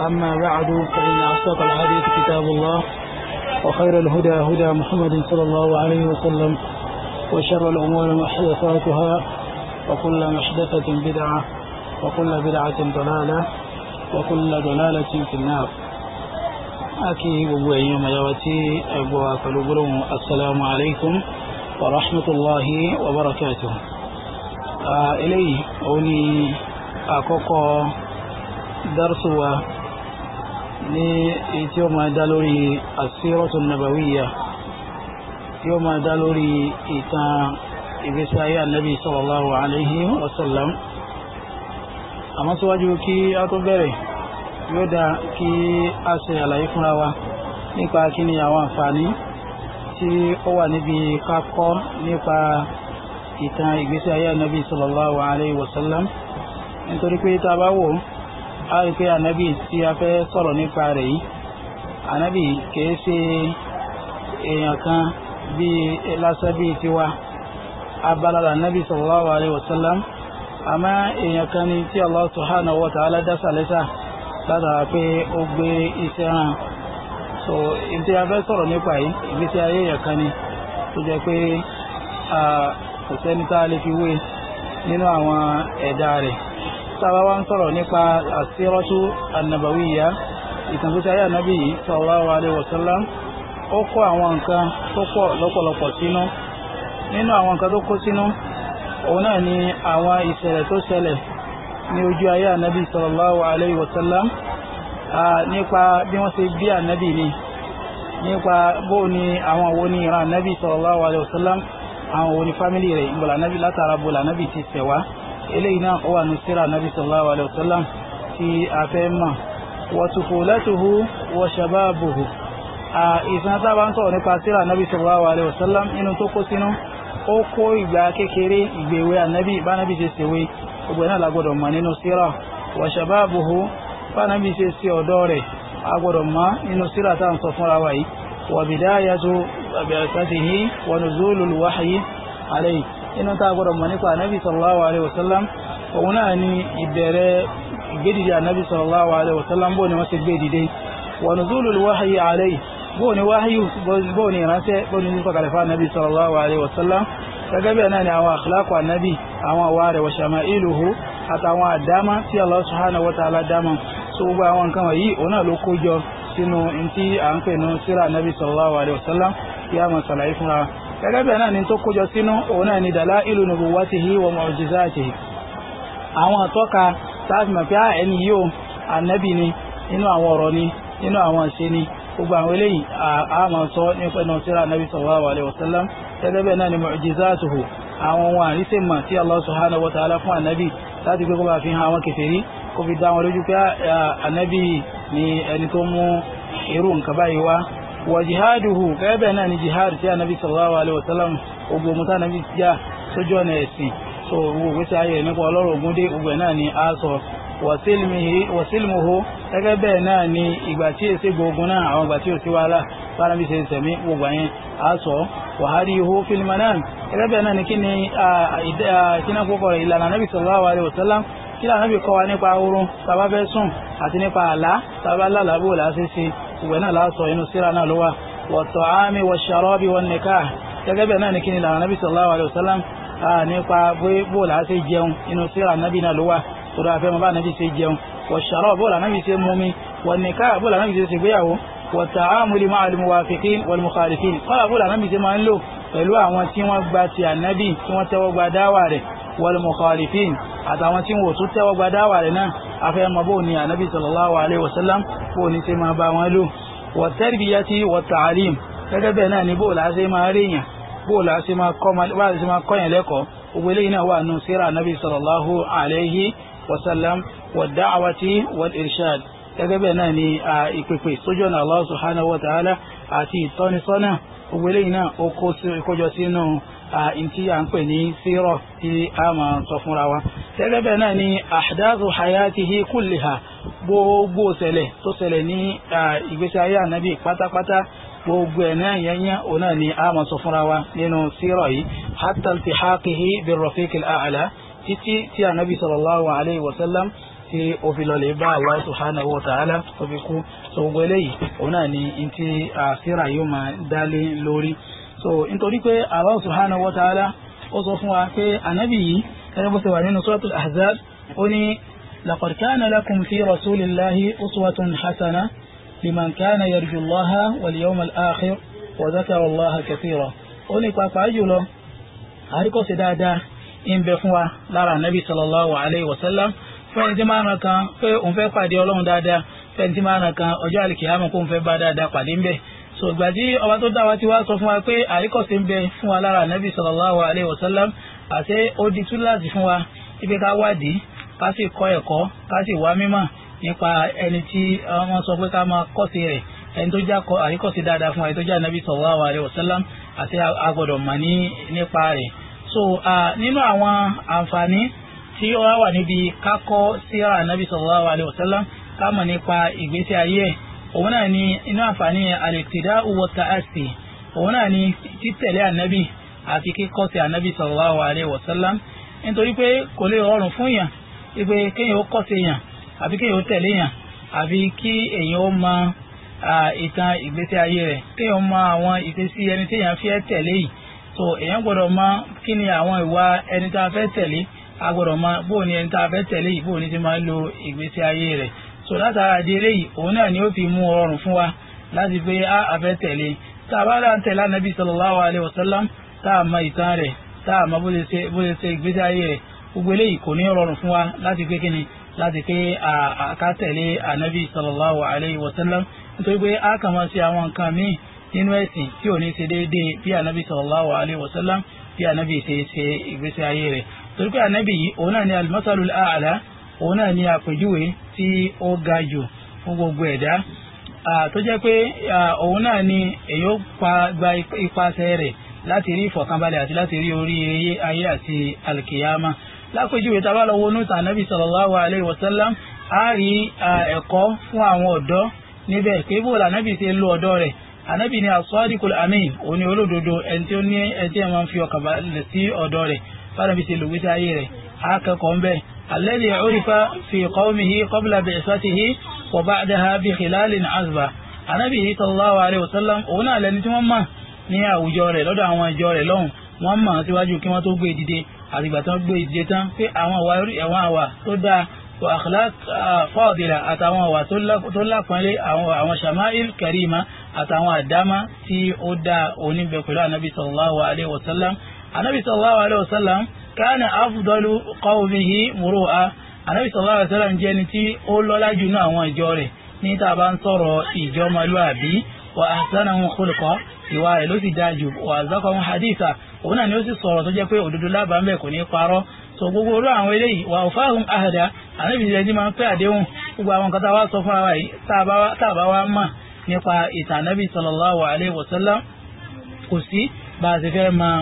أما بعد فإن أصدق الحديث كتاب الله وخير الهدى هدى محمد صلى الله عليه وسلم وشر الأمور محدثاتها وكل محدثة بدعة وكل بدعة ضلالة وكل ضلالة في النار أكي أبو أيام يواتي أبو أكل السلام عليكم ورحمة الله وبركاته إلي أوني أكوكو درسوا ní èyí tí ó máa dá lórí asírọ́tù nàbàwíyà tí ó máa dá lórí ìtàn ìgbésí ayé ànábì sallallahu alaihi wasallam àmọ́ síwájú kí a tó bẹ̀rẹ̀ yóò dá kí a ṣe àlàyé fúnra wa nípa kí ni àwọn àǹfààní tí ó wà níbi kákọ́ nípa ìtàn ìgbésí ayé ànábì sallallahu alaihi wasallam nítorí pé tá a bá wò ó a rí pé tí a fẹ́ sọ̀rọ̀ nípa rẹ̀ yìí ànábì kìí ṣe èèyàn kan bíi lásán tiwa sallallahu alaihi wasallam àmọ́ èèyàn kan tí Allah subhanahu wa ta'ala dásà lẹ́sà látara pé ó gbé iṣẹ́ hàn so ibi tí a fẹ́ sọ̀rọ̀ nípa yìí ibi tí ayé èèyàn kan ní tó jẹ́ pé kò sẹ́ni tá a lè fi wé nínú sábà wá ń sọ̀rọ̀ nípa àsírọ́tú ànàbàwíyá ìtànkútà ayé ànábì yìí sallallahu alaihi wasallam ó kó àwọn nǹkan tó pọ̀ lọ́pọ̀lọpọ̀ sínú nínú àwọn nǹkan tó kó sínú òun náà ni àwọn ìṣẹ̀lẹ̀ tó ṣẹlẹ̀ ní ojú ayé ànábì sallallahu alaihi wasallam nípa bí wọ́n ṣe bí ànábì ni nípa bó ni àwọn wo ni ìran ànábì sallallahu alaihi wasallam àwọn wo ni fámìlì rẹ̀ ìbọ̀là ànábì látara bọ̀là ànábì ti ṣẹ̀wá eléyìí náà ó wà ní síra nabi sallallahu alayhi wa sallam tí a fẹ́ mọ̀ wa tufulatuhu wa shababuhu ìsìn tá a bá ń sọ̀rọ̀ nípa síra nabi sallallahu alayhi wa sallam inú tó kó sínú ó kó ìgbà kékeré ìgbèwé ànábì bánábì ṣe ṣèwé gbogbo náà lágbọ́dọ̀ mọ̀ nínú síra wa bánábì ṣe ṣe ọ̀dọ́ rẹ̀ agbọ́dọ̀ mọ̀ nínú síra tá ń sọ fúnra wa yìí wa bidayatu bi'satihi wa nuzulul wahyi alayhi inú tá a gbọ́dọ̀ mọ̀ nípa ànábì sallallahu alaihi wasallam òun náà ni ìbẹ̀rẹ̀ ìgbédìde ànábì sallallahu alaihi wasallam bó ni wọ́n ti gbédìde wa nuzulul wahyi alaihi bó ni wahyi bó ni ìránṣẹ́ bó ni nípa kàlẹ́fà ànábì sallallahu alaihi wasallam gẹ́gẹ́ bẹ́ẹ̀ náà ni àwọn akhlaqu ànábì àwọn àwárẹ̀ wa shama'iluhu àtàwọn àdámá tí Allah subhanahu wa ta'ala dámà so gbogbo àwọn nǹkan gẹ́gẹ́ bẹ́ẹ̀ náà ni tó kójọ sínú òun náà ni dalailu nubuwatihi wa mu'jizatihi àwọn àtọ́ka sáfìmọ̀ pé ah, ẹni yóò ànábì ni nínú àwọn ọ̀rọ̀ ni nínú àwọn àṣẹ ni gbogbo àwọn eléyìí àmà sọ nípa ẹnu síra ànábì sallallahu alaihi wasallam gẹ́gẹ́ bẹ́ẹ̀ náà ni mu'jizatuhu àwọn ohun àrísè mà tí Allah subhanahu wa ta'ala fún ànábì láti gbé kó bá fi àwọn kèfèrí kó fi dá wọn lójú pé ah, ànábì ni ẹni tó mú irú nǹkan báyìí wá wa jihaduhu gẹ́gẹ́ bẹ́ẹ̀ náà ni jihad tí anabi sallallahu alayhi wa sallam ogun musa anabi já sójú ọ̀nà ẹ̀sìn so gbogbo ìgbésí ayé nípa ọlọ́rọ̀ ogun dé gbogbo náà ni a sọ wàsílmùhó gẹ́gẹ́ bẹ́ẹ̀ náà ni ìgbà tí èsì gbogbo náà àwọn ìgbà tí ò sí wàhálà fárábí ṣe sẹ̀mí gbogbo yẹn a sọ wàhárí ihó fílmà náà gẹ́gẹ́ bẹ́ẹ̀ náà ni kí ni kíná kókò rẹ̀ ìlànà anábì sallallahu alaihi wasallam kí lànà bí kọ́ wa nípa oorun tàbá fẹ́ sùn àti nípa àlá tàbá lálàbò làá gbogbo náà láàsọ inú síra náà ló wà wa ta'ami wa sharabi wa nikah gẹ́gẹ́ bẹ́ẹ̀ náà ni kíni lànà nàbì sallallahu alayhi wa sallam nípa bóòlù àti jẹun inú síra nàbì náà ló wà sọdọ bá nàbì ṣe jẹun wa sharab bóòlù ànàbì ṣe mumi wa nikah bóòlù ànàbì ṣe ṣègbéyàwó ṣe والمخالفين àtàwọn tí wọ́n tún tẹ́wọ́ gba dáwà rẹ̀ náà afẹ́ mọ bóun ni anabi sallallahu alayhi wa sallam bóun ni ṣe máa bá wọn lò wọ́n tarbiyati wọ́n ta'alim gẹ́gẹ́ bẹ́ẹ̀ náà ni bóun láti máa ríyàn bóun láti máa kọ́yàn lẹ́kọ̀ọ́ gbogbo eléyìí náà wà nù síra anabi sallallahu alayhi wa sallam wọ́n da'awati wọ́n gẹ́gẹ́ bẹ́ẹ̀ náà ni ìpèpè sójú ọ̀nà Allah subhanahu wa ta'ala àti ìtọ́nisọ́nà gbogbo eléyìí náà ó sínú ntí à ń pè ní sírọ̀ tí a máa sọ fúnra wa gẹ́gẹ́ bẹ́ẹ̀ náà ni ahdathu hayatihi kulliha gbogbo ṣẹlẹ̀ tó ṣẹlẹ̀ ní ìgbésí ayé ànábì pátápátá gbogbo ẹ̀ náà yẹnyẹn òun náà ni a máa sọ fúnra wa nínú sírọ̀ yìí hatta iltihaqihi birrafiqil a'la títí tí ànábì sallallahu alayhi wa sallam tí ó bá Allah subhanahu wa ta'ala ó kú so gbogbo eléyìí òun náà ni ntí sírà yóò máa dálé lórí so nítorí pé Allah subhanahu wa ta'ala ó sọ fún wa pé ànábì yìí ẹni bó ṣe wà nínú suratul ahzab ó ní laqad kana lakum fi rasulillahi uswatun hasana liman kana yarju allaha wal yawmal akhir wa zakara allaha kathira ó ní pàápàá jùlọ àríkọ́sí dáadáa ń bẹ fún wa lára ànábì sallallahu alayhi wa sallam fẹ́ni tí máa kan pé òun fẹ́ pàdé ọlọ́run dáadáa fẹ́ni tí máa kan ọjọ́ àlìkìyàmọ̀ kó òun fẹ́ bá dáadáa pàdé ń bẹ́ẹ̀ so ìgbà tí ọba tó dá wa ti wá sọ fún wa pé àríkọ̀sí ń bẹ fún wa lára ànábì sallallahu alaihi wasallam àti ó di túláàsì fún wa ibi ká wádìí ká sì kọ́ ẹ̀kọ́ ká sì wá mímọ̀ nípa ẹni tí wọ́n sọ pé ká máa kọ́sí rẹ̀ ẹni tó já àríkọ̀sí dáadáa fún wa ẹni tó já ànábì sallallahu alaihi wasallam àti agbọ́dọ̀ mọ̀ ní nípa rẹ̀ so nínú àwọn àǹfààní tí ó wà níbi ká kọ́ síra ànábì alaihi wasallam ká mọ̀ nípa ìgbésí ayé òun ni inú àǹfààní àlèkìdá owó tààsì òun náà ni títẹ̀lé ànábì àti kíkọ́ sí ànábì sallallahu alaihi wasallam nítorí pé kò lè rọrùn fún yàn wípé kéèyàn ó kọ́ sí yàn àbí kéèyàn ó tẹ̀lé yàn àbí kí èèyàn ó mọ ìtàn ìgbésí ayé rẹ̀ kéèyàn mọ àwọn ìṣesí ẹni téèyàn fẹ́ tẹ̀lé yìí so èèyàn gbọ́dọ̀ mọ kí ni àwọn ìwà ẹni tá a fẹ́ tẹ̀lé a gbọ́dọ̀ mọ bóun ni ẹni tá a fẹ́ tẹ̀lé yìí bóun ni ti máa ń lo ìgbésí ayé rẹ̀ so látara di eléyìí òun náà ni ó fi mú ọrùn fún wa láti pé a àfẹ́ tẹ̀lé tá a bá dá ń tẹ̀lé anabi sallallahu alayhi wa sallam tá a mọ ìtàn rẹ̀ tá a mọ bó ṣe ṣe ìgbésí ayé rẹ̀ gbogbo eléyìí kò ní rọrùn fún wa láti pé kíni láti pé àká tẹ̀lé anabi sallallahu alayhi wa sallam nítorí pé a kàn máa ṣe àwọn nǹkan míì nínú ẹ̀sìn tí ò ní ṣe déédéé bí anabi sallallahu alayhi wa sallam bí anabi ṣe ṣe ìgbésí ayé rẹ̀ torí pé anabi yìí òun náà ni al a'la òun náà ni àpèjúwe tí ó ga jù fún gbogbo ẹ̀dá tó jẹ́ pé òun náà ni èyí ó gba ipasẹ̀ rẹ̀ láti rí ìfọ̀kànbalẹ̀ àti láti rí oríire ayé àti alkiyama lápèjúwe tá a bá lọ wo nútà nábì sallallahu alayhi wa sallam a rí ẹ̀kọ́ fún àwọn ọ̀dọ́ níbẹ̀ pé bó la nábì ṣe lo ọ̀dọ́ rẹ̀ ànábì ni asọ́díkul amin òun ni olódodo ẹni tí ó ní ẹni tí ẹ máa ń fi ọkàn balẹ̀ sí ọ̀dọ́ rẹ̀ bá nábì ṣe lògbésí ayé rẹ̀ a kẹ́kọ̀ọ́ ń bẹ́ẹ̀ الذي عرف في قومه قبل بعثته وبعدها بخلال عذبة anábì sallallahu alayhi wa sallam òun náà lẹni tí wọ́n mọ̀ ní àwùjọ rẹ̀ lọ́dọ̀ àwọn ìjọ rẹ̀ lọ́hùn wọ́n mọ̀ síwájú kí wọ́n tó gbé ìdìde àtìgbà tí wọ́n gbé ìdìde tán pé àwọn àwà tó dáa wa akhlaq fadila àtàwọn àwà tó lápọ́nlé àwọn shama'il karima àtàwọn àdámá tí ó dáa oníbẹ̀ pẹ̀lú anábì sallallahu alayhi wa sallam anábì sallallahu alayhi wa sallam kánà afdalu qawmihi muru'a anabi sallallahu alaihi wasallam jẹ́ ẹni tí ó lọ́lá jù ní àwọn ìjọ rẹ̀ ní tá a bá ń sọ̀rọ̀ ìjọmọlúàbí wa ahsanahum khulqa ìwà rẹ̀ ló sì dáa jù wa azzaqahum haditha òun náà ni ó sì sọ̀rọ̀ tó jẹ́ pé òdodo lábàá ń bẹ̀ kò ní so gbogbo orú àwọn eléyìí wa awfahum ahda anabi jẹ́ ẹni máa ń pẹ́ gbogbo àwọn kan tá a wá sọ ara yìí tá a bá wá mà nípa anabi sallallahu alaihi wasallam kò sí bá a ti fẹ́ máa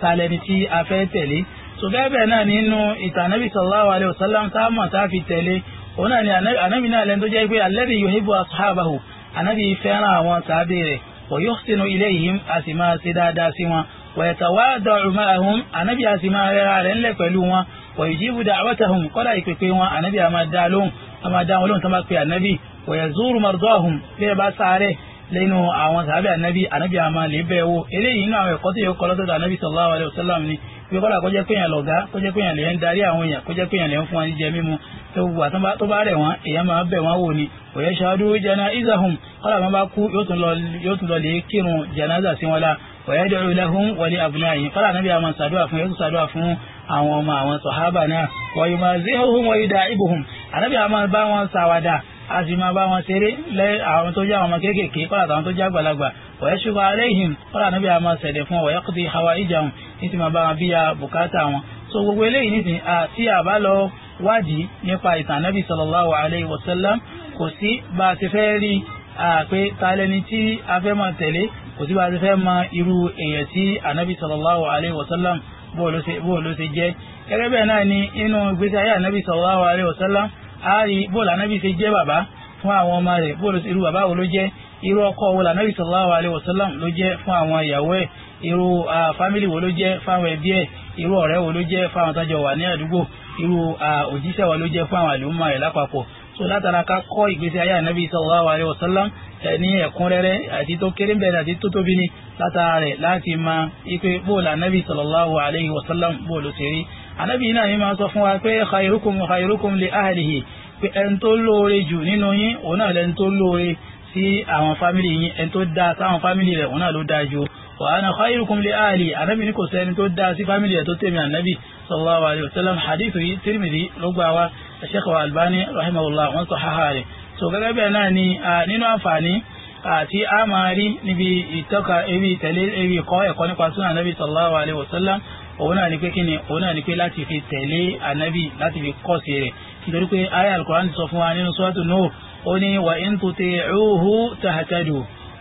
talẹni tí a fẹ́ tẹ̀lé sọgẹ́bẹ̀ náà nínú ìtàn anábì sallallahu alayhi wa sallam tá a mọ̀ tá a fi tẹ̀lé òun náà ni anábì náà lẹ́nu tó jẹ́ pé alladhi yuhibbu ashabahu anábì fẹ́ràn àwọn sàábì rẹ̀ wa yuhsinu ilayhim a sì máa ṣe dáadáa sí wọn wa yatawada'u ma'ahum anábì a sì máa rẹ́ra rẹ̀ ńlẹ̀ pẹ̀lú wọn wa yujibu da'watahum kọ́dà ìpèpè wọn anábì a máa dá lóhùn a máa dá wọn lóhùn tó máa pe anábì wa yazuru mardahum bí ẹ bá sáré lẹ́nu àwọn sàábẹ̀ ànábì ànábì àmà lè bẹ̀ wo eléyìí inú àwọn ẹ̀kọ́ tó yẹ kọ́ lọ́dọ̀ ànábì sallallahu alaihi wasallam ni bí kọ́lá kọjá péyàn lọ̀gá kọjá péyàn lè ń darí àwọn èèyàn kọjá péyàn lè ń fún wọn jíjẹ mímu tó wà tó bá rẹ̀ wọ́n èèyàn máa bẹ̀ wọ́n wò ni òye ṣáájú janaizahum kọ́lá wọn bá kú yóò tún lọ lè kírun janaza sí wọn la òye dọ̀rọ̀ lahum wa li abna'ihim kọ́lá ànábì àmà sàdúrà fún yóò tún sàdúrà fún àwọn ọmọ àwọn sàhábà náà wọ́n yóò máa zéhùn wọ́n yóò dá ibùhùn ànábì àmà bá wọn sàwádà a sì máa bá wọn ṣeré lẹ́ àwọn tó jẹ́ àwọn ọmọ kéékèèké kọ́lá àtàwọn tó jẹ́ àgbàlagbà wọ́n ṣùgbọ́n aléhìn kọ́lá níbi àmọ́ ṣẹ̀dẹ̀ fún ọ̀wọ́ yẹ́kùtì hawa ìjàun ní ti máa bá wọn bíya bùkátà wọn. so gbogbo eléyìí ní sìn àti àbá lọ wádìí nípa ìtàn nábì sallallahu alayhi wa sallam kò sí bá a ti fẹ́ rí pé talẹ́ni tí a fẹ́ máa tẹ̀lé kò sí bá a ti fẹ́ sallallahu alayhi wa sallam bóòlù ṣe ni inú ìgbésí ayé ànábì sallallahu alayhi wa a rí bóòlù anábì ṣe jẹ́ bàbá fún àwọn ọmọ rẹ̀ bóòlù irú bàbá wo ló jẹ́ irú ọkọ wo lànàbì sallallahu alaihi wasallam ló jẹ́ fún àwọn ìyàwó ẹ̀ irú fámìlì wo ló jẹ́ fáwọn ẹbí ẹ̀ irú ọ̀rẹ́ wo ló jẹ́ fáwọn tó jọ wà ní àdúgbò irú òjíṣẹ́ wo ló jẹ́ fún àwọn àlùmọ́ rẹ̀ lápapọ̀ so látara ká kọ́ ìgbésí ayé ànábì sallallahu alaihi wasallam ní ẹ̀kúnrẹ́rẹ́ àti tó kéré bẹ̀rẹ̀ àti tó tóbi ni látara rẹ̀ láti máa ipe bóòlù ànábì sallallahu alaihi wasallam bóòlù ṣe rí ànábì náà ni máa sọ fún wa pé khairukum khairukum li ahlihi pé ẹni tó lóore jù nínú yín òun náà lẹni tó lóore sí àwọn fámìlì yín ẹni tó dáa sáwọn fámìlì rẹ̀ òun náà ló dáa jù wa ana khairukum li ahli ànábì ní kò sẹ́ni tó dáa sí fámìlì rẹ̀ tó tèmi ànábì sallallahu alayhi wa sallam hadith yìí Tirmidhi ló gbà wá Sheikh wa Albani rahimahullah wọn sọ haha so gẹ́gẹ́ bẹ́ẹ̀ náà ni nínú àǹfààní àti a máa rí níbi ìtọ́ka ebi tẹ̀lé ebi kọ́ ẹ̀kọ́ nípa sunan ànábì sallallahu alayhi wa sallam òun náà ni pé kíni òun náà ni pé láti fi tẹ̀lé ànábì láti fi kọ́ sí rẹ̀ nítorí pé aya alukur'an sọ fún wa nínú suratu Nuh ó ní wa in tuti'uhu tahtadu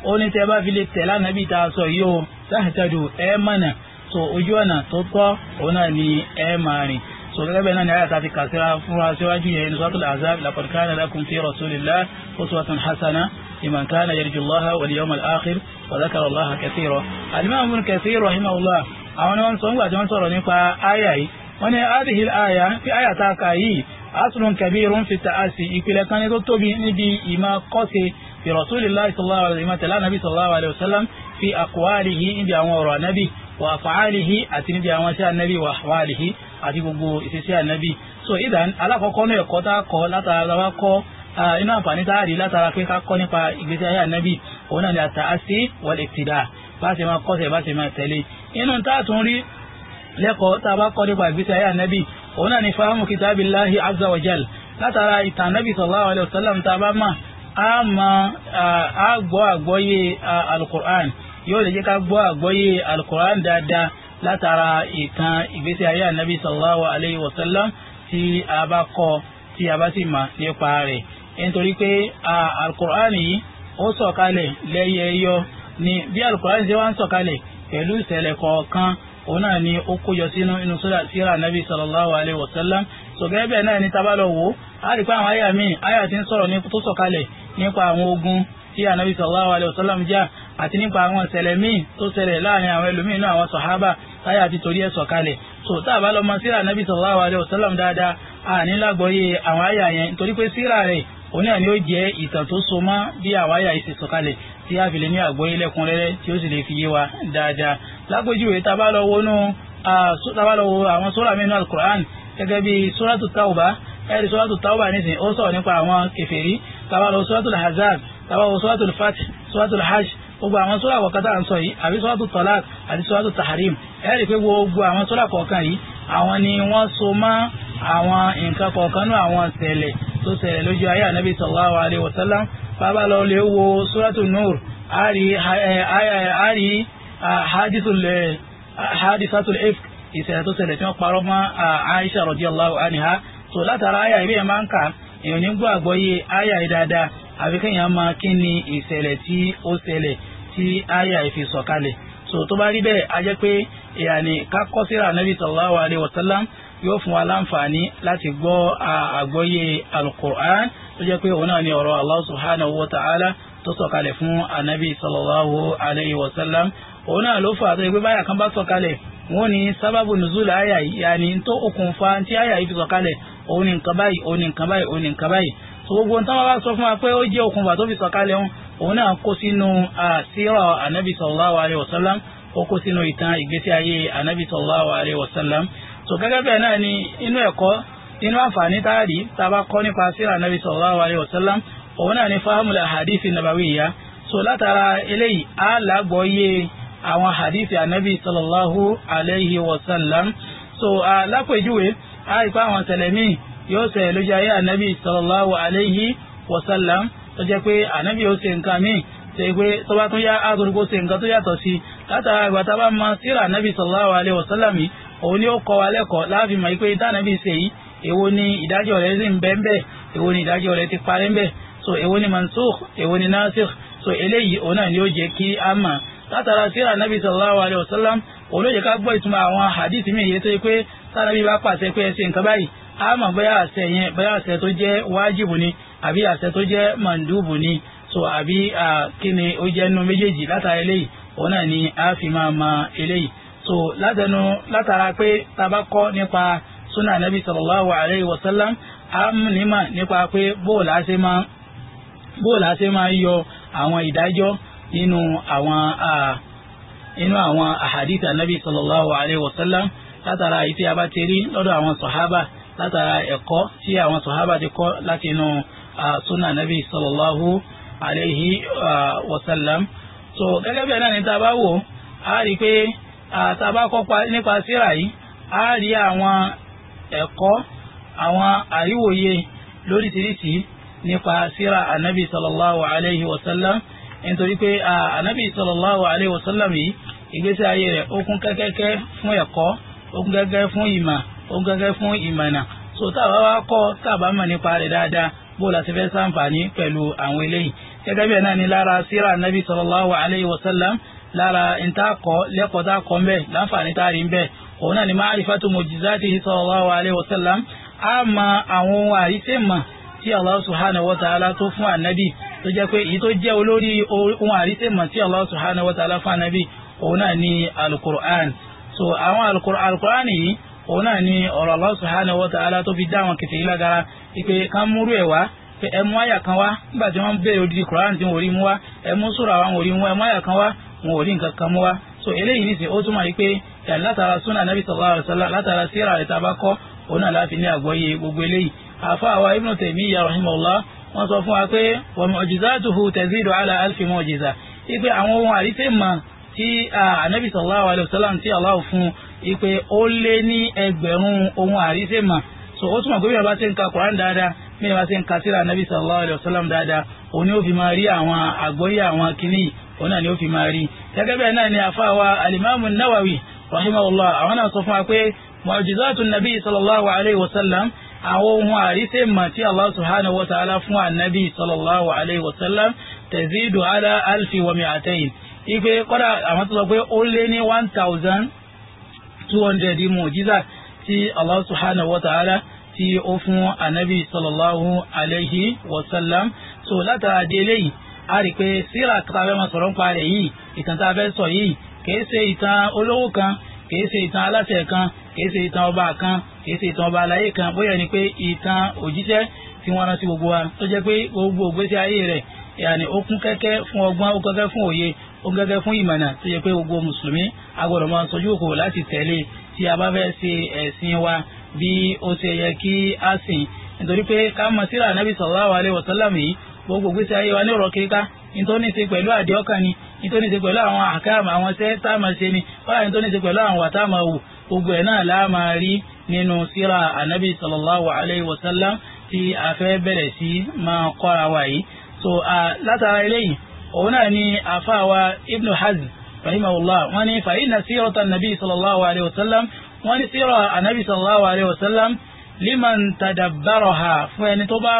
ó ní tẹ́ bá fi lè tẹ̀lé ànábì tá a sọ yìí o tahtadu ẹ̀ mọ̀nà so ojú ọ̀nà tó tọ́ òun náà ni ẹ̀ máa rìn so gẹ́gẹ́ bẹ́ẹ̀ náà ni àyàtà ti kàṣíra fúnra síwájú yẹn ní suratul Ahzab laqad kana lakum fi rasulillahi uswatun hasana liman kana yarjullaha wal yawmal àwọn ni wọ́n sọ nígbà tí wọ́n sọ̀rọ̀ nípa àyà yìí wọ́n ní àdìhì àyà fi àyà tá a kà yìí aslun kabirun fi ta'asi ìpìlẹ̀ kan ní tó tóbi níbi ìmọ̀ kọ́sẹ̀ fi rasulillahi sallallahu alaihi wa sallam nabi sallallahu alaihi wa sallam fi aqwalihi níbi àwọn ọ̀rọ̀ ànábì wa af'alihi àti níbi àwọn iṣẹ́ ànábì wa ahwalihi àti gbogbo ìṣiṣẹ́ ànábì so idan alákọ̀ọ́kọ́ náà ẹ̀kọ́ tá a kọ́ látara wa kọ́ inú àǹfààní tá a rí látara pé ká kọ́ nípa ìgbésí ayé ànábì òun náà ni àtàásí wal iqtida bá a ṣe máa kọ́sẹ̀ bá a ṣe máa tẹ̀lé inú táàtún rí lẹ́kọ̀ọ́ tá a bá kọ́ nípa ìgbésí ayé ànábì òun náà ni fahamu kitabillahi azza wa jal látara ìtàn ànábì sallallahu alayhi wa sallam tá a bá mà á mọ á gbọ́ àgbọ́yé alukur'an yóò lè jẹ́ ká gbọ́ àgbọ́yé alukur'an dáadáa látara ìtàn ìgbésí ayé ànábì sallallahu alayhi wa sallam tí a bá kọ́ tí a bá sì mà nípa rẹ̀ nítorí pé alukur'an yìí ó sọ̀kalẹ̀ lẹ́yẹyọ ni bí alukur'an ṣe wá ń sọ̀kalẹ̀ pẹ̀lú ìṣẹ̀lẹ̀ kọ̀ọ̀kan òun náà ni ó kójọ sínú inú sódà síra nabi sallallahu alayhi wa sallam sọ̀gẹ́ bẹ́ẹ̀ náà ni tábàlọ̀ wò á rí pé àwọn àyà míì àyà ti ń sọ̀rọ̀ ní tó sọ̀kalẹ̀ nípa àwọn ogun tí anabi sallallahu alayhi wa sallam jà àti nípa àwọn ìṣẹ̀lẹ̀ míì tó ṣẹlẹ̀ láàrin àwọn ẹlòmíì náà àwọn sọ̀hábà táyà ti torí ẹ̀ sọ̀kalẹ̀ so tábàlọ̀ mọ síra nabi sallallahu alayhi wa sallam dáadáa àní lágbọ́yé àwọn àyà yẹn torí pé síra rẹ̀ òun náà ni ó jẹ́ ìtàn tó so mọ́ tí a fi lè ní àgbọ́yé lẹ́kùnrẹ́rẹ́ tí ó sì lè fi yé wa dáadáa lápèjúwe tá a bá lọ wọnú tá a bá lọ wo àwọn sura mẹ́nu alukur'an gẹ́gẹ́ bí suratu tauba ẹ̀rí suratu tauba nísìnyí ó sọ̀rọ̀ nípa àwọn kèfèrí tá a bá lọ suratu al-hazab tá a bá wo suratu al-fath suratu al-hajj gbogbo àwọn sura kọ̀ọ̀kan tá à ń sọ yìí àbí suratu talaq àti suratu tahrim ẹ̀rí pé gbogbo àwọn sura kọ̀ọ̀kan yìí àwọn ni wọ́n so mọ́ àwọn nǹkan kọ̀ọ̀kan náà àwọn ṣẹlẹ̀ tó ṣẹlẹ̀ lójú ayé ànábì sallallahu alaihi wasallam bàbá lọ lè wo suratu nur àárí àárí hadisatul ifk ìṣẹ̀lẹ̀ tó ṣẹlẹ̀ tí wọ́n parọ́ mọ́ Aisha radiyallahu anha so látara àyà ìbí yẹn máa ń kà èèyàn ní gbọ́ àgbọ́yé àyà yìí dáadáa àfi kéèyàn máa kí ni ìṣẹ̀lẹ̀ tí ó ṣẹlẹ̀ tí àyà yìí sọ̀kalẹ̀ so tó bá rí bẹ́ẹ̀ a jẹ́ pé ìyàní kákọ́ síra nabi sallallahu alayhi wa sallam yóò fún wa láǹfààní láti gbọ́ àgbọ́yé alukur'an tó jẹ́ pé òun náà ni ọ̀rọ̀ Allah subhanahu wa ta'ala tó sọ̀kalẹ̀ fún anabi sallallahu alayhi wa sallam òun náà ló fà á tó yẹ pé báyà kan bá sọ̀kalẹ̀ wọ́n ní sábàbù nùzúlù àyà yìí yàní tó okùnfà tí àyà yìí fi sọ̀kalẹ̀ òun ní nǹkan báyìí òun ní nǹkan báyìí òun ní nǹkan báyìí so gbogbo nǹkan wàá sọ fún wa pé ó jẹ́ okùnfà tó fi sọ̀kalẹ̀ wọn òun náà kó sínú àṣírà nínú àǹfààní táàrí tá a bá kọ́ nípa síra nàbí sallallahu alaihi wasallam òun náà ní fáhámùlà hadithi nàbàwíyà so látara eléyìí á làgbọ́yé àwọn hadithi ànábì sallallahu alaihi wasallam so lápèjúwe á ipá àwọn tẹ̀lẹ̀mí yóò ṣẹlẹ̀ lójú ayé ànábì sallallahu alaihi wasallam tó jẹ́ pé ànábì ó ṣe nǹkan míì pé tó bá tún yá agogo ṣe nǹkan tó yàtọ̀ sí látara ìgbà tá a bá mọ síra ànábì èwo ni ìdájọ́ rẹ̀ sì ń bẹ ń bẹ èwo ni ìdájọ́ rẹ̀ ti parí ń so èwo ni mansukh èwo ni nasikh so eléyìí òun náà ni ó jẹ́ kí a mọ̀ látara síra nabi sallallahu alayhi wa sallam òun ló jẹ́ ká gbọ́ ìtumọ̀ àwọn hadith mi yìí tó yẹ pé sárabi bá pàṣẹ pé ẹ ṣe nǹkan báyìí a mọ̀ bóyá àṣẹ yẹn bóyá àṣẹ tó jẹ́ wájìbù ni àbí àṣẹ tó jẹ́ màndúbù ni so àbí kí ni ó jẹ́ nínú méjèèjì látara eléyìí òun náà ni a fi máa mọ̀ eléyìí so látẹnu látara pé tá a bá kọ́ nípa súnà nàbí sallallahu alayhi wa sallam á nímọ̀ nípa pé bóòlù á ṣe máa bóòlù á ṣe máa yọ àwọn ìdájọ́ nínú àwọn nínú àwọn àhàdìtì ànábì sallallahu alayhi wa sallam látara ìtì abátẹ́rí lọ́dọ̀ àwọn sọ̀hábà látara ẹ̀kọ́ tí àwọn sọ̀hábà ti kọ́ láti inú súnà nàbí sallallahu alayhi wa so gẹ́gẹ́ bí ẹ̀dá ni tá a bá wò á rí pé tá kọ́ nípa síra yìí á rí àwọn ẹ̀kọ́ àwọn àríwòye lóríṣiríṣi nípa síra ànábì sallallahu alayhi wa sallam nítorí pé ànábì sallallahu alayhi wa sallam yìí ìgbésí ayé rẹ̀ ó kún kẹ́kẹ́kẹ́ fún ẹ̀kọ́ ó kún kẹ́kẹ́ fún ìmọ̀ ó kún kẹ́kẹ́ fún ìmọ̀nà so táwa wá kọ́ tábà mọ̀ nípa rẹ̀ dáadáa bó la ti fẹ́ sàǹfààní pẹ̀lú àwọn eléyìí gẹ́gẹ́ bẹ́ẹ̀ náà ni lára síra ànábì sallallahu alayhi wa sallam lára ìta kọ́ lẹ́kọ̀ọ́ tá a kọ́ ń láǹfààní tá a rí ń òun náà ni ma'rifatu mu'jizatihi sallallahu alayhi wa sallam a mọ àwọn ohun àrísẹ́ mọ̀ tí Allah subhanahu wa ta'ala tó fún ànábì tó jẹ́ pé èyí tó jẹ́ olórí ohun àrísẹ́ tí Allah subhanahu wa fún ànábì òun náà ni alukur'an so àwọn alukur'an yìí òun náà ni ọ̀rọ̀ Allah subhanahu wa ta'ala tó fi dá àwọn kìtì yìí lágara ìpè kan múrú ẹ̀ wá pé ẹmú àyà kan wá nígbà tí wọ́n bẹ̀rẹ̀ odidi Qur'an tí wọ́n rí mú wá ẹmú sùrà wa wọ́n rí mú ẹmú àyà kan wá wọ́n rí nǹkan kan mú wá so eléyìí nìsín ó túmọ̀ yìí pé yàtọ̀ látara súnà nàbì sallallahu alaihi wasallam látara síra rẹ̀ tàbá kọ́ òun náà láfi ní àgbọ́yé gbogbo eléyìí àfa àwa ibnu taymiya rahimahullah wọ́n sọ fún wa pé wa mu'jizatuhu tazidu ala alfi mu'jiza ipe àwọn ohun àrísẹ́ mọ̀ tí anabi sallallahu alaihi wasallam tí Allah fún ipe ó lé ní ẹgbẹ̀rún ohun àrísẹ́ mọ̀ so ó túmọ̀ pé bí wọ́n bá ti ń ka Qur'an dáadáa bí wọ́n bá ti ń ka síra anabi sallallahu alaihi wasallam dáadáa òun rahimahullah àwọn náà sọ fún wa pé mu'jizatu nabi sallallahu alayhi wa sallam àwọn ohun àríṣe mà tí allah subhanahu wa ta'ala fún anabi sallallahu alayhi wa sallam tazidu ala alfi wa mi'atayn ipe kọ́dà àwọn tó sọ pé ó lé ní one thousand two hundred mu'jiza tí allah subhanahu wa ta'ala tí ó fún anabi sallallahu alayhi wa sallam so látara délé yìí a rí pé síra tí a fẹ́ máa sọ̀rọ̀ nípa rẹ̀ yìí ìtàn kìí ṣe ìtàn olówó kan kìí ṣe ìtàn aláṣẹ kan kìí ṣe ìtàn ọba kan kìí ṣe ìtàn ọba aláyé kan bóyá ni pé ìtàn òjíṣẹ́ tí wọ́n rántí gbogbo wa tó jẹ́ pé gbogbo ògbésí ayé rẹ̀ yàní ó kún kẹ́kẹ́ fún ọgbọ́n ó kẹ́kẹ́ fún òye ó gẹ́gẹ́ fún ìmọ̀nà tó yẹ pé gbogbo mùsùlùmí agbọ́dọ̀ máa sojú kò láti tẹ̀lé tí a bá fẹ́ ṣe ẹ̀sìn wa bí ó ṣe yẹ kí a sìn nítorí pé ká mọ̀ síra anábì sallallahu alaihi wasallam yìí gbogbo gbèsè ayé wa ní nítorí ṣe pẹ̀lú àdéhọ́kàn ni nítorí ṣe pẹ̀lú àwọn àkáàmù àwọn iṣẹ́ tá a máa ṣe ni kọ́lá nítorí ṣe pẹ̀lú àwọn wàtá máa wò gbogbo ẹ̀ náà láà máa rí nínú síra anabi sallallahu alayhi wa sallam tí a fẹ́ bẹ̀rẹ̀ sí máa kọ́ra wa yìí so látara eléyìí òun náà ni àfáàwa ibnu hazm rahimahullah wọn ni fa inna sírọ̀tà nabi sallallahu alayhi wa sallam wọn ni síra anabi sallallahu alayhi wa sallam liman tadabbaraha fún ẹni tó bá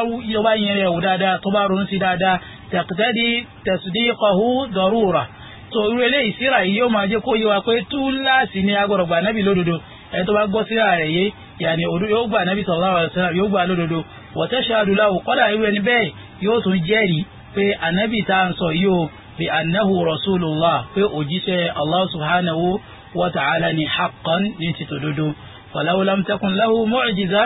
yẹn rẹ̀ wò dáadáa tó bá ronú sí dáadáa tẹ̀kítẹ́dì tẹ̀sídì kọ̀hú dọ̀rúra tó irú eléyìí síra yìí yóò máa jẹ́ kó yé wa pé túláàsì ni agbọ̀rọ̀ gbà nábì lódodo ẹni tó bá gbọ́ síra rẹ̀ yé yàní yóò gbà nábì sallallahu alaihi wasallam yóò gbà lódodo watashhadu lahu kọ́dà irú ẹni bẹ́ẹ̀ yóò tún jẹ́rìí pé ànábì tá à ń sọ yìí o bí annahu rasulullah pé òjíṣẹ́ allah subhanahu wa ta'ala ni haqqan ní ti tòdodo falaw lam takun lahu mu'jiza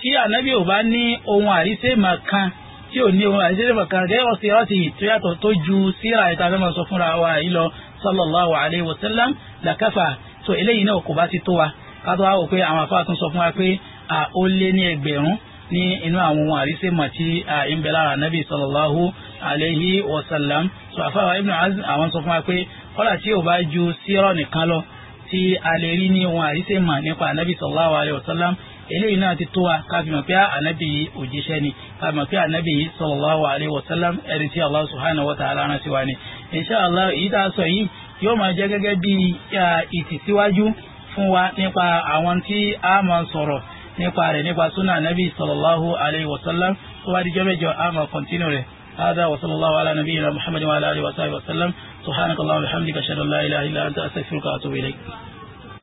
tí ànábì ò bá ní ohun àrísé màkan tí ò ní ohun àìsílẹ̀ kankan gẹ́gẹ́ ọ̀sẹ̀ ọ̀tì tó yàtọ̀ tó ju síra ìta fẹ́ máa sọ fúnra wa yìí lọ sallallahu alayhi wa sallam làkàfà tó eléyìí náà kò bá ti tó wa kátó wá wò pé àwọn afá tún sọ fún wa pé à ó lé ní ẹgbẹ̀rún ní inú àwọn ohun àrísé mà tí ń bẹ lára nabi sallallahu alayhi wa sallam tó afá wa ibn azm àwọn sọ fún wa pé kọ́lá tí ò bá ju síra nìkan lọ tí a lè rí ní ohun àrísé mà nípa nabi sallallahu alayhi wa sallam eléyìí náà ti tó wa káfí mọ̀ pé ànábì yìí òjíṣẹ́ ni káfí mọ̀ pé ànábì yìí sallallahu alaihi wasallam ẹni tí allah subhanahu wa ta'ala rán sí wa ni insha allah èyí tá a sọ yìí yóò máa jẹ́ gẹ́gẹ́ bí ìtìsíwájú fún wa nípa àwọn tí a máa sọ̀rọ̀ nípa rẹ̀ nípa súnà ànábì sallallahu alaihi wasallam tó bá هذا وصلى الله على نبينا محمد وعلى اله وصحبه وسلم سبحانك اللهم وبحمدك اشهد لا اله الا انت استغفرك